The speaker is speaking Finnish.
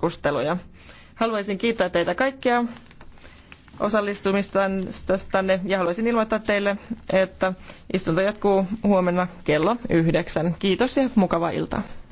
keskusteluja. Haluaisin kiittää teitä kaikkia osallistumistanne ja haluaisin ilmoittaa teille, että istunto jatkuu huomenna kello yhdeksän. Kiitos ja mukavaa iltaa.